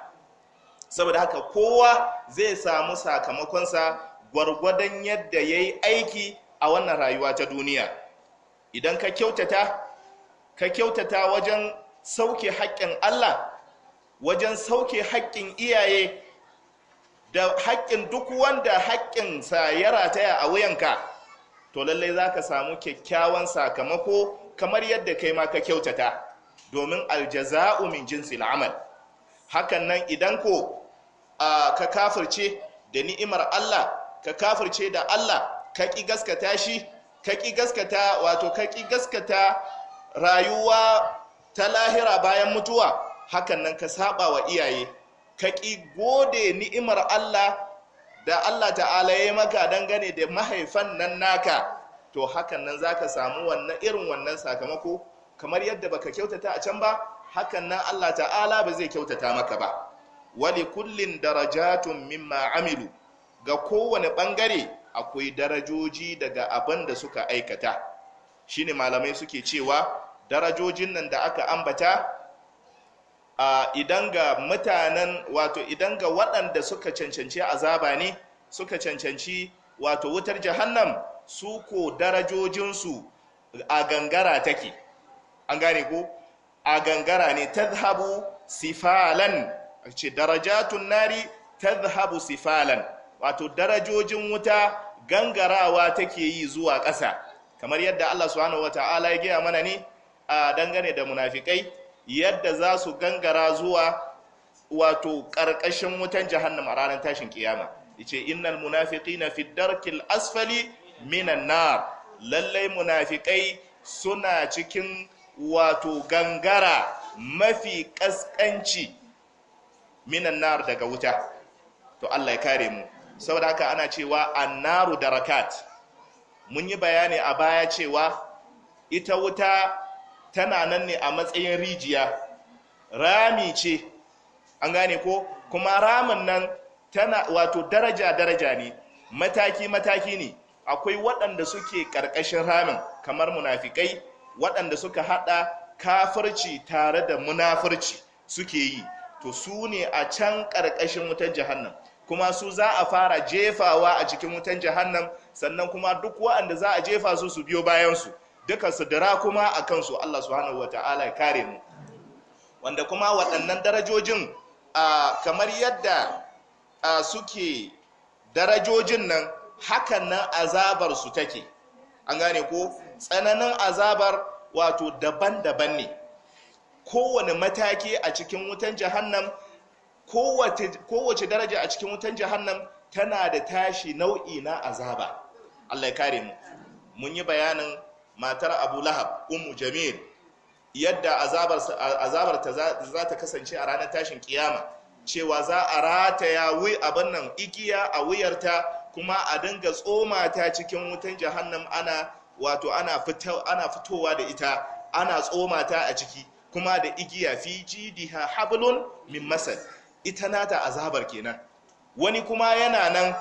saboda haka kowa zai samu sakamakonsa gwargwadon yadda ya yi aiki a wannan rayuwa ta duniya idan ka kyautata ka kyautata wajen sauke haƙƙin allah wajen sauke haƙƙin iyaye da haƙƙin duk wanda sa ya rataya a wuyanka to lallai za ka samu kyakkyawan sakamako kamar yadda kai ma ka kyautata domin aljaza'u min jinsi al'amal hakan nan idan ko ka kafirce da ni'imar Allah ka kafirce da Allah ka ƙi gaskata shi ka ƙi gaskata wato ka ƙi gaskata rayuwa ta lahira bayan mutuwa hakan nan ka saba wa iyaye ka ƙi gode ni'imar Allah da Allah ta'ala ya maka dangane da mahaifan nan naka to hakan nan zaka samu wannan irin wannan sakamako kamar yadda baka kyautata a can ba hakan nan Allah ta'ala ba zai kyautata maka ba wali kullin darajatun mimma amilu ga kowane ɓangare akwai darajoji daga abin da suka aikata shine malamai suke cewa darajojin nan da aka ambata idan ga mutanen wato idan ga waɗanda suka cancanci azaba ne suka cancanci wato wutar jahannam su ko darajojinsu a gangara take an gane ko a gangara ne tadhabu sifalan ce darajatun nari tadhabu sifalan wato darajojin wuta gangarawa take yi zuwa ƙasa kamar yadda Allah subhanahu wata'ala ya gaya mana ne a dangane da munafikai yadda za su gangara zuwa wato ƙarƙashin wutan jahannam a ranar tashin kiyama yace innal munafiqina fi darkil asfali minan nar lallai munafikai suna cikin wato gangara mafi ƙasƙanci minan nar daga wuta to Allah ya kare mu saboda haka ana cewa annaru darakat mun yi bayani a baya cewa ita wuta tana nan ne a matsayin rijiya rami ce an gane ko kuma ramin nan tana wato daraja daraja ne mataki mataki ne akwai waɗanda suke ƙarƙashin ramin kamar munafikai waɗanda suka haɗa kafirci tare da munafirci suke yi to su ne a can ƙarƙashin wutar jahannam kuma su za a fara jefawa a cikin wutan jahannam sannan kuma duk waɗanda za a jefa su su biyo bayansu duka su dira kuma a kansu Allah subhanahu wataala ya kare mu wanda kuma waɗannan darajojin kamar yadda suke darajojin nan hakan nan azabar su take an gane ko tsananin azabar wato daban-daban ne kowane mataki a cikin wutan jahannam kowace daraja a cikin wutan jahannam tana da tashi nau'i na azaba Allah ya kare mu mun yi bayanin matar Abu Lahab Ummu Jamil yadda azabar za ta kasance a ranar tashin kiyama cewa za a rataya wi abin nan igiya a wuyarta kuma a dinga tsoma ta cikin wutan jahannam ana wato ana fitowa da ita ana tsoma ta a ciki kuma da igiya fi jidiha hablun min masar ita nata azabar kenan wani kuma yana nan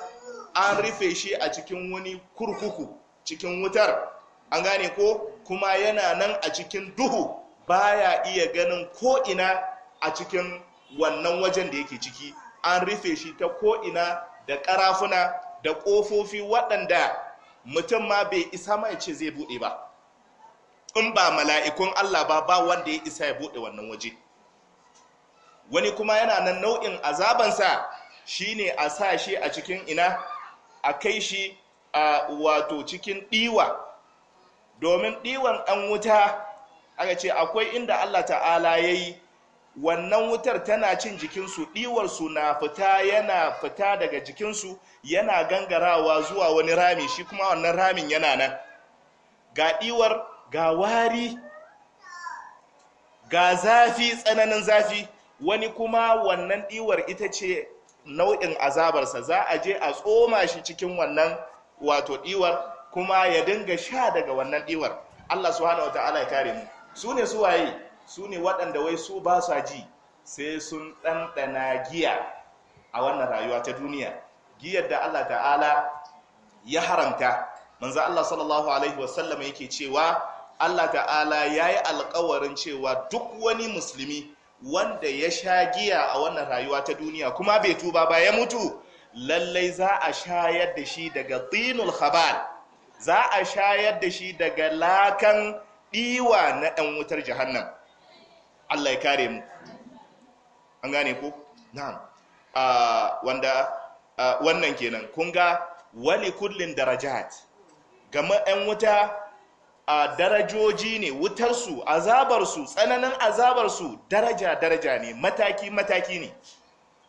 an rufe shi a cikin wani kurkuku cikin wutar an gane ko kuma yana nan a cikin duhu baya iya ganin ko ina a cikin wannan wajen da yake ciki an rufe shi ta ko ina da karafuna da kofofi waɗanda mutum ma bai isa mai ce zai buɗe ba in ba mala'ikun Allah ba ba wanda ya isa ya buɗe wannan waje wani kuma yana nan nau'in azabansa shine a sa shi a cikin ina a kai shi a wato cikin ɗiwa domin ɗiwan ɗan wuta aka ce akwai inda Allah ta'ala ya yi wannan wutar tana cin jikinsu ɗiwarsu na fita yana fita daga jikinsu yana gangarawa zuwa wani rami shi kuma wannan ramin yana nan ga ɗiwar ga wari ga zafi tsananin zafi wani kuma wannan diwar ita ce nau'in azabarsa za a je a tsoma shi cikin wannan wato diwar. kuma ya dinga sha daga wannan diwar. Allah subhanahu wataala ya kare mu su ne su waye su ne waɗanda wai su ba sa ji sai sun ɗanɗana giya a wannan rayuwa ta duniya giyar da Allah ta'ala ya haramta manzo Allah sallallahu alaihi wasallam yake cewa Allah ta'ala ya yi alkawarin cewa duk wani musulmi wanda ya sha giya a wannan rayuwa ta duniya kuma bai tuba ba ya mutu lallai za a shayar da shi daga tinul khabar za a shayar da shi daga lakan diwa na ɗan wutar jahannam Allah ya kare mu an gane ku na'am ah, wanda ah, wannan kenan kun ga wani kullin darajat gama 'yan wuta a darajoji ne wutarsu azabarsu tsananin azabarsu daraja-daraja ne mataki-mataki ne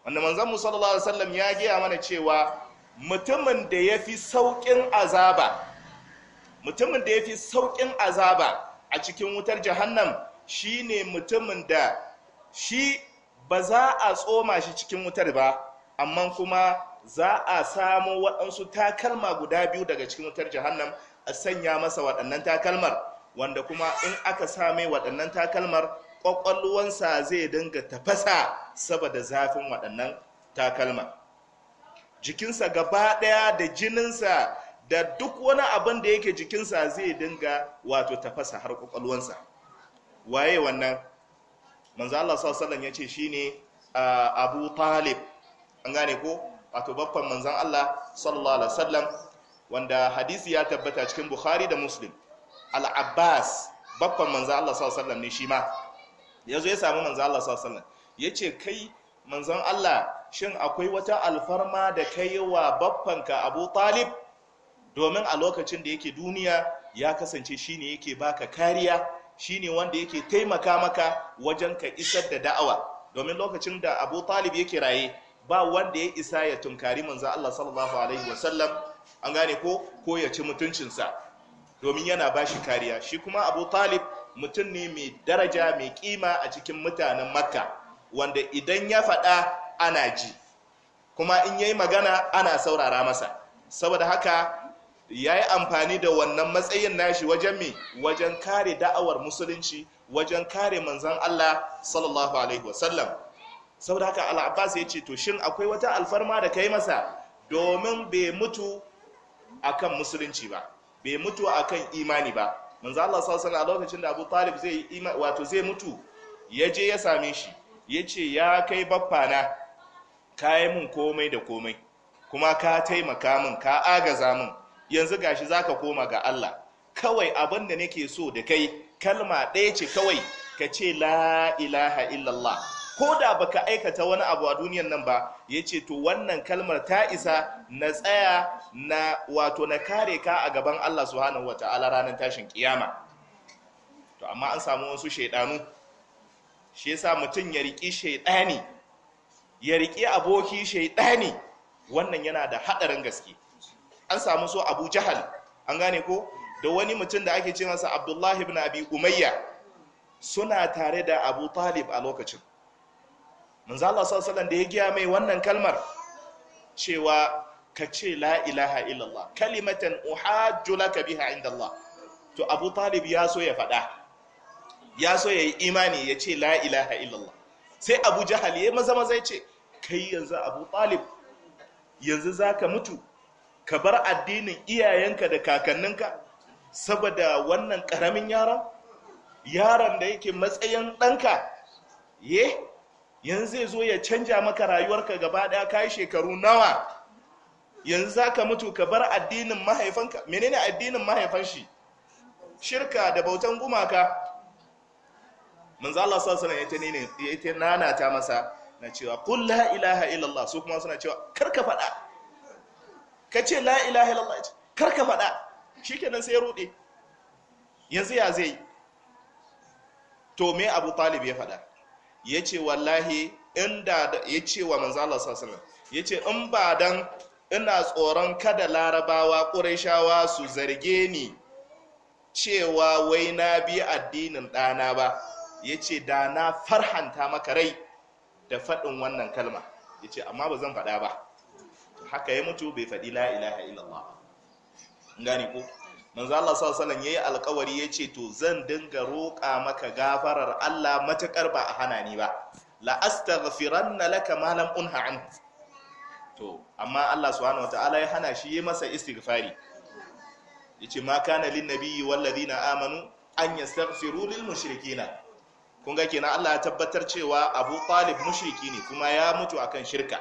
wanda manzanmu sallallahu alaihi wasallam ya gaya mana cewa mutumin da ya fi sauƙin azaba mutumin da ya fi sauƙin azaba a cikin wutar jahannam shi ne mutumin da shi ba za a tsoma shi cikin wutar ba amma kuma za a samu waɗansu takalma guda biyu daga cikin wutar jahannam A sanya masa waɗannan takalmar wanda kuma in aka same waɗannan takalmar ƙwaƙwalwansa zai dinga tafasa saboda zafin waɗannan takalmar jikinsa gaba ɗaya da jininsa da duk wani abin da yake jikinsa zai dinga wato tafasa har ƙwaƙwalwansa waye wannan manzo Allah sallallahu ya ce shine Abu Talib an gane ko wato babban manzon Allah sallallahu alaihi wasallam wanda hadisi ya tabbata cikin bukhari da muslim al-abbas babban manzan Allah sallallahu alaihi wasallam ne shi ma yazo ya sami manzan Allah sallallahu alaihi wasallam ce kai manzan Allah shin akwai wata alfarma da kai wa ka Abu Talib domin a lokacin da yake duniya ya kasance shi ne yake baka kariya shi ne wanda yake taimaka maka wajen ka isar da da'awa domin lokacin da Abu Talib yake raye ba wanda ya isa ya tunkari manzan Allah sallallahu alaihi wasallam an gane ko ko ya ci mutuncinsa domin yana ba shi kariya shi kuma abu talib mutum ne mai daraja mai kima a cikin mutanen makka wanda idan ya faɗa ana ji kuma in yayi magana ana saurara masa saboda haka ya yi amfani da wannan matsayin nashi wajen mai wajen kare da'awar musulunci wajen kare manzan Allah sallallahu alaihi wasallam saboda haka al'abbas ya ce to shin akwai wata alfarma da ka yi masa domin bai mutu akan musulunci ba bai mutu akan imani ba manzo Allah sallallahu alaihi wasallam lokacin da Abu Talib zai wato zai mutu ya je ya same shi ya ce ya kai baffana ka yi mun komai da komai kuma ka taimaka mun ka agaza mun yanzu gashi zaka koma ga Allah kawai abin da nake so da kai kalma ɗaya ce kawai ka ce la ilaha illallah ko da baka aikata wani abu a duniyan nan ba ya ce to wannan kalmar ta isa na tsaya na wato na kare ka a gaban Allah subhanahu wata'ala ranar tashin kiyama to amma an samu wasu shaidanu shi yasa mutum ya riƙi shaidani ya riƙi aboki shaidani wannan yana da haɗarin gaske an samu so abu jahal an gane ko da wani mutum da ake ce masa abdullahi ibn abi umayya suna tare da abu talib a lokacin manzo Allah sallallahu alaihi wasallam da ya giya mai wannan kalmar cewa ka ce la ilaha illallah kalimatan uhajju laka biha inda Allah to Abu Talib ya so ya faɗa ya so ya yi imani ya ce la ilaha illallah sai Abu Jahal ya maza maza ya ce kai yanzu Abu Talib yanzu zaka mutu ka bar addinin iyayenka da kakanninka saboda wannan karamin yaron yaron da yake matsayin ɗanka ye yanzu zai zo ya canja maka rayuwarka gaba daya kai shekaru nawa yanzu zaka mutu ka bar addinin mahaifanka menene addinin mahaifan shi shirka da bautan gumaka manzo Allah sallallahu alaihi wasallam ya ce ne ya nana ta masa na cewa qul la ilaha illallah su kuma suna cewa kar ka fada ka ce la ilaha illallah kar ka fada shikenan sai ya rude yanzu ya zai to me Abu Talib ya fada ya ce wallahi inda ya ce wa manzala sassanin ya ce in ba don ina tsoron kada larabawa ƙurashawa su zarge ni cewa wai na bi addinin ɗana ba ya ce da na farhanta maka rai da faɗin wannan kalma ya ce amma ba zan faɗa ba haka ya mutu bai faɗi la ilaha illallah gani ko manzo Allah sallallahu alaihi wasallam yayi alƙawari yace to zan dinga roƙa maka gafarar Allah matakar ba a hana ni ba la astaghfiranna laka ma lam unha an to amma Allah subhanahu wataala ya hana shi yayi masa istighfari yace ma kana lin nabiyyi wal ladina amanu an yastaghfiru lil mushrikina kun ga kenan Allah ya tabbatar cewa Abu Talib mushriki ne kuma ya mutu akan shirka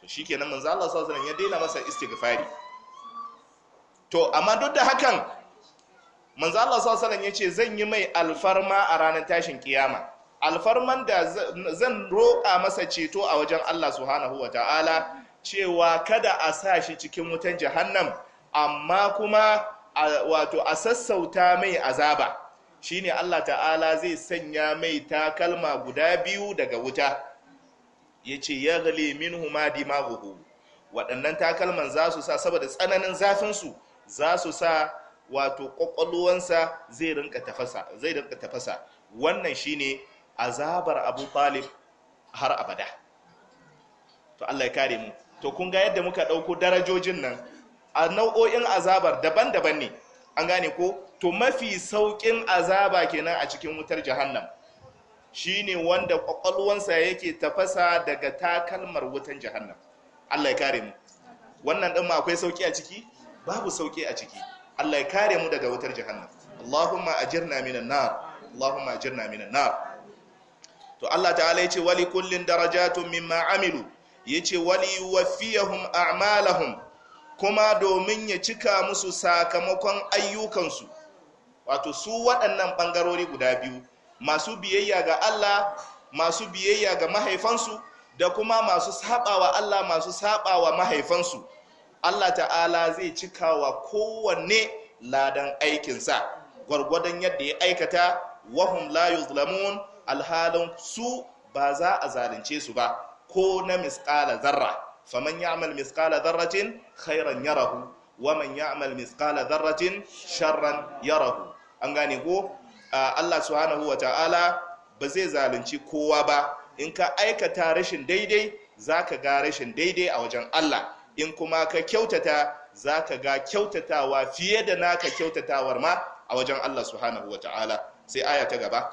to shikenan manzo Allah sallallahu alaihi wasallam ya daina masa istighfari to amma duk da hakan manzo Allah sallallahu alaihi yace zan yi mai alfarma a ranar tashin kiyama alfarman da zan roƙa masa ceto a wajen Allah subhanahu wataala cewa kada a sa shi cikin wutan jahannam amma kuma wato a sassauta mai azaba shine Allah ta'ala zai sanya mai takalma guda biyu daga wuta yace yaghli ma dimaguhu waɗannan takalman za su sa saboda tsananin zafin su. za su sa wato kwakwalwansa zai rinka tafasa zai rinka tafasa wannan shine azabar abu talib har abada to Allah ya kare mu to kun ga yadda muka ɗauko darajojin nan a nau'o'in azabar daban-daban ne an gane ko to mafi saukin azaba kenan a cikin wutar jahannam shine wanda kwakwalwansa yake tafasa daga takalmar wutan jahannam Allah ya kare mu wannan din ma akwai sauki a ciki babu sauƙi a ciki Allah ya kare mu daga wutar jahannam Allahumma ajirna minan nar Allahumma ajirna minan nar to Allah ta'ala yace wali kullin darajatun mimma amilu yace wali yuwaffiyahum a'malahum kuma domin ya cika musu sakamakon ayyukansu wato su waɗannan bangarori guda biyu masu biyayya ga Allah masu biyayya ga mahaifansu da kuma masu saɓawa Allah masu saɓawa mahaifansu Allah ta'ala zai cika wa kowanne ladan aikinsa gwargwadon yadda ya aikata wahum la yuzlamun alhalin su ba za a zalunce su ba ko na misqala zarra faman ya'mal misqala dharratin khairan yarahu wa man ya'mal misqala dharratin sharran yarahu an gane ko Allah subhanahu wa ta'ala ba zai zalunci kowa ba in ka aikata rashin daidai zaka ga rashin daidai a wajen Allah in kuma ka kyautata za ka ga kyautatawa fiye da naka kyautatawar ma a wajen Allah subhanahu wa ta'ala sai aya ta gaba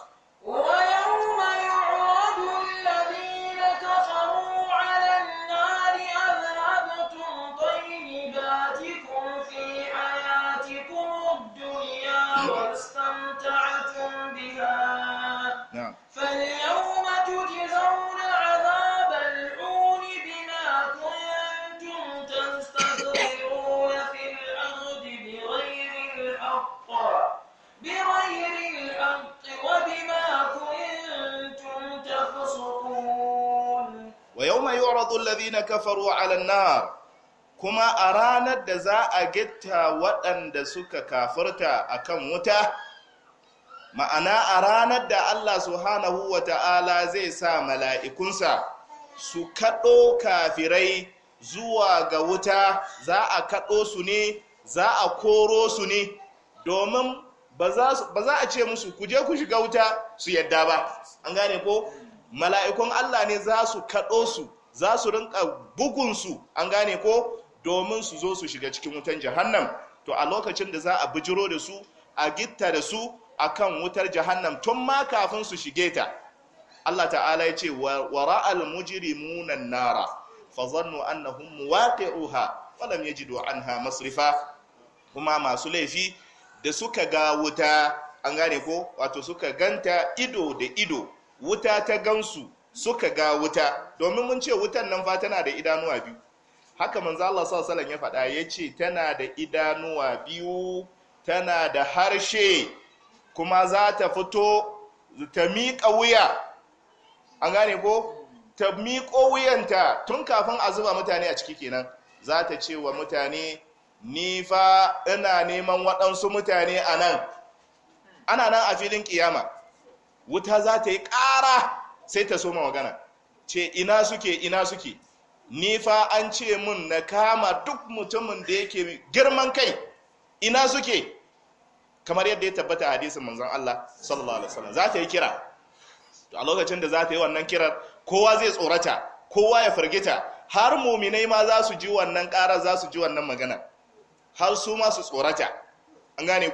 kafaru ala nar kuma a ranar da za a gitta waɗanda suka a kan wuta ma'ana a ranar da Allah subhanahu wa ta'ala zai sa mala'ikunsa su kaɗo kafirai zuwa ga wuta za a kaɗo su ne za a koro su ne domin ba za a ce musu kuje ku shiga wuta su yadda ba an gane ko mala'ikun Allah ne za su kaɗo su za su rinka bugunsu an gane ko domin su zo su shiga cikin wutan jahannam to a lokacin da za a bijiro da su a gitta da su a kan wutar jahannam tun ma kafin su shige ta Allah ta'ala ya ce wa ra'al mujrimuna nara fa zannu annahum muwaqi'uha wa lam yajidu anha masrifa kuma masu laifi da suka ga wuta an gane ko wato suka ganta ido da ido wuta ta gansu suka ga wuta domin mun ce wutan nan fa tana da idanuwa biyu haka manzo Allah sallallahu alaihi ya faɗa yace tana da idanuwa biyu tana da harshe kuma za ta fito ta miƙa wuya an gane ko ta miƙo wuyanta tun kafin a zuba mutane a ciki kenan za ta ce wa mutane ni fa ina neman waɗansu mutane a nan ana nan a filin ƙiyama wuta za ta yi ƙara sai ta soma magana ce ina suke ina suke ni fa an ce mun na kama duk mutumin da yake girman kai ina suke kamar yadda ya tabbata hadisin manzon Allah sallallahu alaihi wasallam za ta yi kira a lokacin da za ta yi wannan kirar kowa zai tsorata kowa ya firgita har muminai ma za su ji wannan ƙara za su ji wannan magana har su ma su tsorata an gane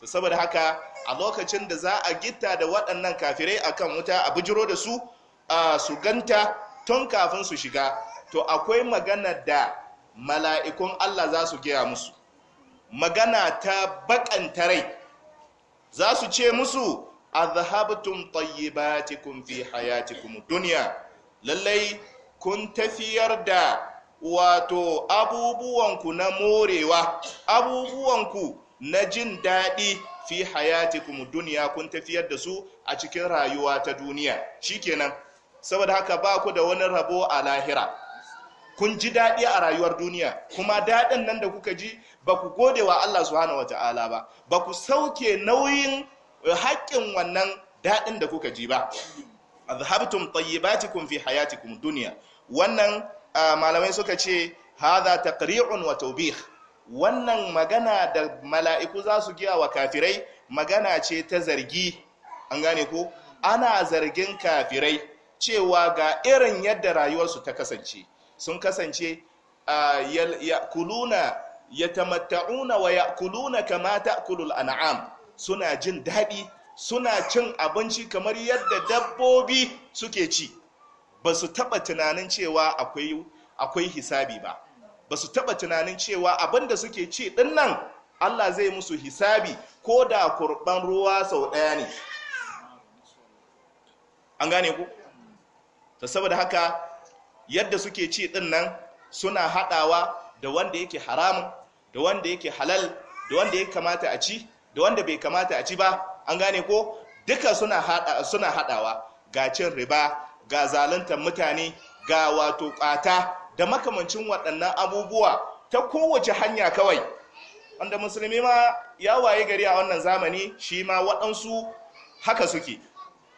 To saboda haka a lokacin da za a gita da waɗannan kafirai akan wuta a bijiro da su a su ganta tun kafin su shiga to akwai magana da mala'ikun Allah za su gaya musu magana ta bakanta rai za su ce musu azhabtum tayyibatikum fi hayatikum dunya lallai kun tafiyar da wato abubuwanku na morewa abubuwanku na jin daɗi fi hayatikum duniya kun tafiyar da su a cikin rayuwa ta duniya Shi kenan saboda haka ba ku da wani rabo a lahira kun ji daɗi a rayuwar duniya kuma daɗin nan da kuka ji ba ku gode wa Allah subhanahu wata'ala ba ba ku sauke nauyin eh, haƙƙin wannan daɗin da kuka ji ba azhabtum tayyibatikum fi hayatikum duniya. wannan ah, malamai suka ce hadha taqri'un wa tawbih wannan magana da mala'iku za su giya wa kafirai magana ce ta zargi an gane ku? ana zargin kafirai cewa ga irin yadda rayuwarsu ta kasance sun kasance ya yatamatta'una wa yakuluna kama ta'kulul an'am suna jin daɗi suna cin abinci kamar yadda dabbobi suke ci ba su taɓa tunanin cewa akwai hisabi ba ba su taba tunanin cewa abinda suke ci din nan Allah zai musu hisabi ko da kurban ruwa sau ɗaya ne an gane ku ta saboda haka yadda suke ci din nan suna haɗawa da wanda yake haramun da wanda yake halal da wanda ya kamata a ci da wanda bai kamata a ci ba an gane ko duka suna haɗawa ga cin riba ga zaluntar mutane ga wato kwata da makamancin waɗannan abubuwa ta kowace hanya kawai wanda musulmi ma ya waye gari a wannan zamani shi ma waɗansu haka suke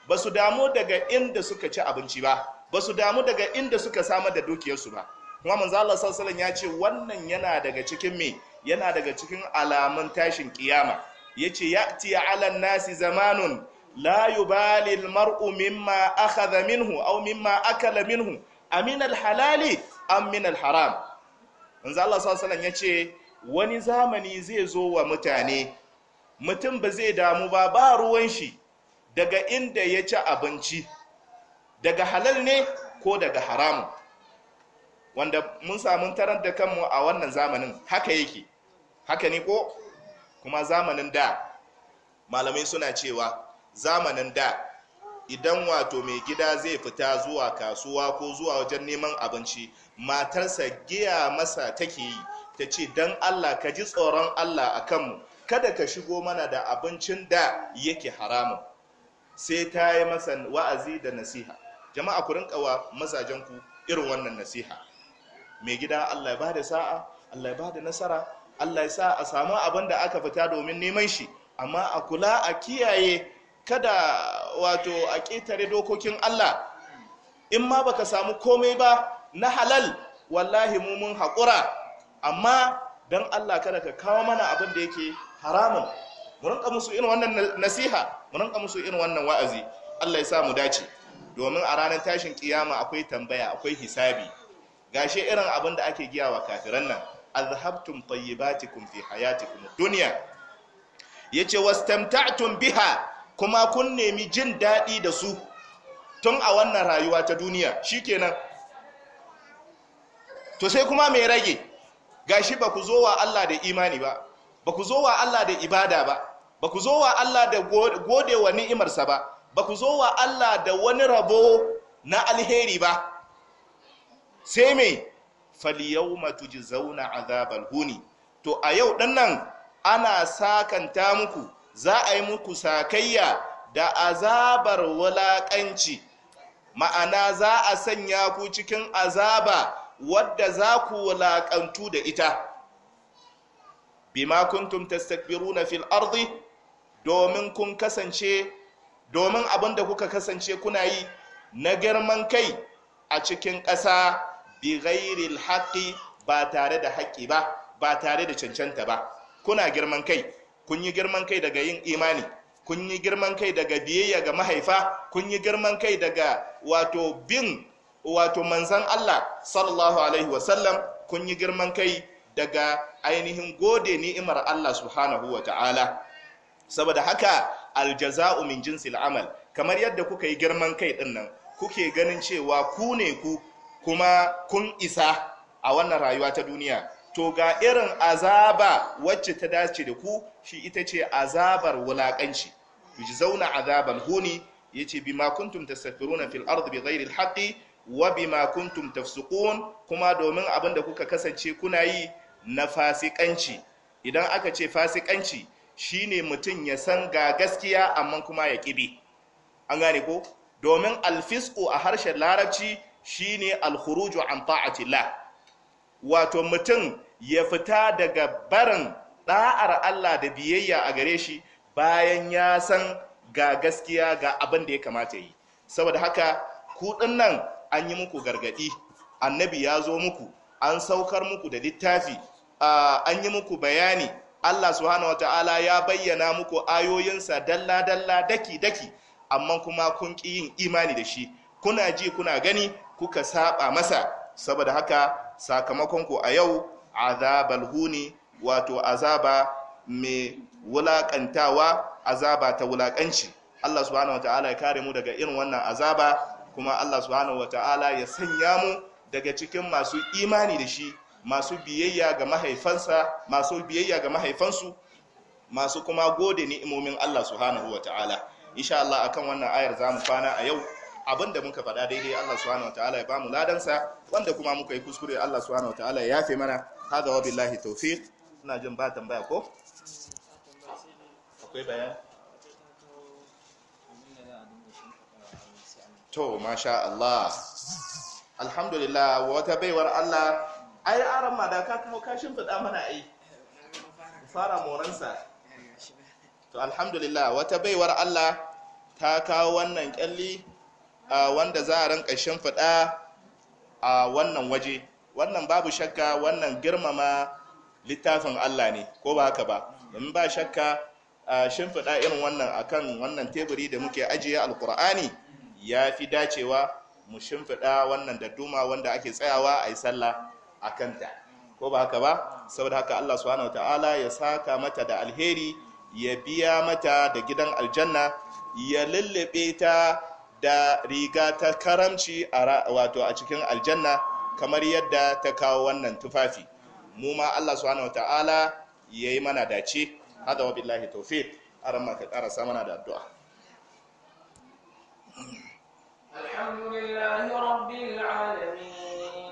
ba su damu daga inda suka ci abinci ba ba su damu daga inda suka samar da dukiyarsu ba kuma manzo Allah sallallahu ya ce wannan yana daga cikin me yana daga cikin alamun tashin kiyama yace ti 'ala nasi zamanun la yubali al-mar'u mimma akhadha minhu aw mimma akala minhu aminal halali Aminal haram Inza Allah sallallahu alaihi yace wani zamani zai zo wa mutane mutum ba zai damu ba ba ruwan shi daga inda ya ci abinci daga halal ne ko daga haramu wanda mun samu tarar da kanmu a wannan zamanin haka yake haka ne ko kuma zamanin da malamai suna cewa zamanin da idan wato mai gida zai fita zuwa kasuwa ko zuwa wajen neman abinci matarsa giya masa take yi ta ce don allah ka ji tsoron allah a kanmu kada ka shigo mana da abincin da yake haramun sai ta yi masa wa'azi da nasiha jama'a ku rinkawa mazajenku irin wannan nasiha mai gida allah ba da sa'a allah ba da nasara allah ya sa a samu abin da aka fita domin neman shi amma a kula a kiyaye kada wato a ƙetare dokokin Allah in ma baka samu komai ba na halal wallahi mumun mun haƙura amma don Allah kada ka kawo mana abin da yake haramun mu musu irin wannan nasiha mu rinka musu irin wannan wa'azi Allah ya sa mu dace domin a ranar tashin ƙiyama, akwai tambaya akwai hisabi gashi irin abin da ake giyawa kafiran nan azhabtum tayyibatikum fi hayatikum dunya yace wastamta'tum biha kuma kun nemi jin daɗi da su tun a wannan rayuwa ta duniya shi kenan to sai kuma mai rage gashi ba ku zo wa Allah da imani ba ba ku zo wa Allah da ibada ba ba ku zo wa Allah da gode wa ni'imarsa ba ba ku zo wa Allah da wani rabo na alheri ba sai mai zauna zauna azabal huni to a yau ɗannan ana sakanta muku za a yi muku sakayya da azabar wulaƙanci ma'ana za a sanya ku cikin azaba wadda za ku wulaƙantu da ita bima kuntum tastakbiruna fil ardi domin kun kasance domin abin da kuka kasance kuna yi na girman kai a cikin ƙasa bi ghairil haqqi ba tare da haƙƙi ba ba tare da cancanta ba kuna girman kai kun yi girman kai daga yin imani kun yi girman kai daga biyayya ga mahaifa kun yi girman kai daga wato bin wato manzan Allah sallallahu alaihi wasallam kun yi girman kai daga ainihin gode ni'imar Allah subhanahu wa ta'ala saboda haka aljaza'u min jinsil amal kamar yadda kuka yi girman kai din nan kuke ganin cewa ku ne ku kuma kun isa a wannan rayuwa ta duniya to ga irin azaba wacce ta dace da ku shi ita ce azabar wulaƙanci zauna azabar huni ya yace ta safiru na fil ardi bi al haqqi wa makuntun ta tafsukun kuma domin abin kuka kasance kuna yi na fasikanci idan aka ce fasikanci shine mutum ya san ga gaskiya amma kuma ya ƙibi an gane ko domin alfisqu a harshen larabci shine alhuruju an ta'atillah wato mutum ya fita daga barin da'ar Allah da biyayya a gare shi bayan ya san ga gaskiya ga abin da ya kamata yi saboda haka ku nan an yi muku gargadi annabi ya zo muku an saukar muku da littafi an yi muku bayani Allah subhanahu wataala ya bayyana muku ayoyinsa dalla dalla daki daki amma kuma kun ƙi yin imani da shi kuna ji kuna gani kuka saba masa saboda haka sakamakon ku a yau azabal huni wato azaba mai wulakantawa azaba ta wulaƙanci. Allah subhanahu wataala ya kare mu daga irin wannan azaba kuma Allah subhanahu wataala ya sanya mu daga cikin masu imani da shi masu biyayya ga mahaifansa masu biyayya ga mahaifansu masu kuma gode ni'imomin Allah subhanahu wataala insha Allah akan wannan ayar zamu kwana a yau abin da muka faɗa daidai Allah subhanahu wa ta'ala ya bamu ladansa wanda kuma muka yi kuskure Allah subhanahu wa ta'ala ya yafe mana hada wa billahi tawfiq ina jin ba tambaya ko akwai bayan to masha Allah alhamdulillah wata baiwar Allah ai aran ma da ka kawo kashin fada mana ai fara moransa to alhamdulillah wata baiwar Allah ta kawo wannan kyalli wanda za a ranka shimfiɗa a wannan waje wannan babu shakka wannan girmama littafin Allah ne ko ba haka ba In ba shakka shimfiɗa irin wannan akan wannan teburi da muke ajiye alkur'ani ya fi dacewa mu shimfiɗa wannan da duma wanda ake tsayawa a yi sallah a kanta ko ba haka ba saboda haka Allah subhanahu ta'ala ya saka mata da alheri ya biya mata da gidan aljanna ya lullube ta da riga ta karamci wato a cikin aljanna kamar yadda ta kawo wannan tufafi mu ma Allah subhanahu wataala yayi mana dace hada wa billahi tawfiq aran ka karasa mana da addu'a alhamdulillahi rabbil alamin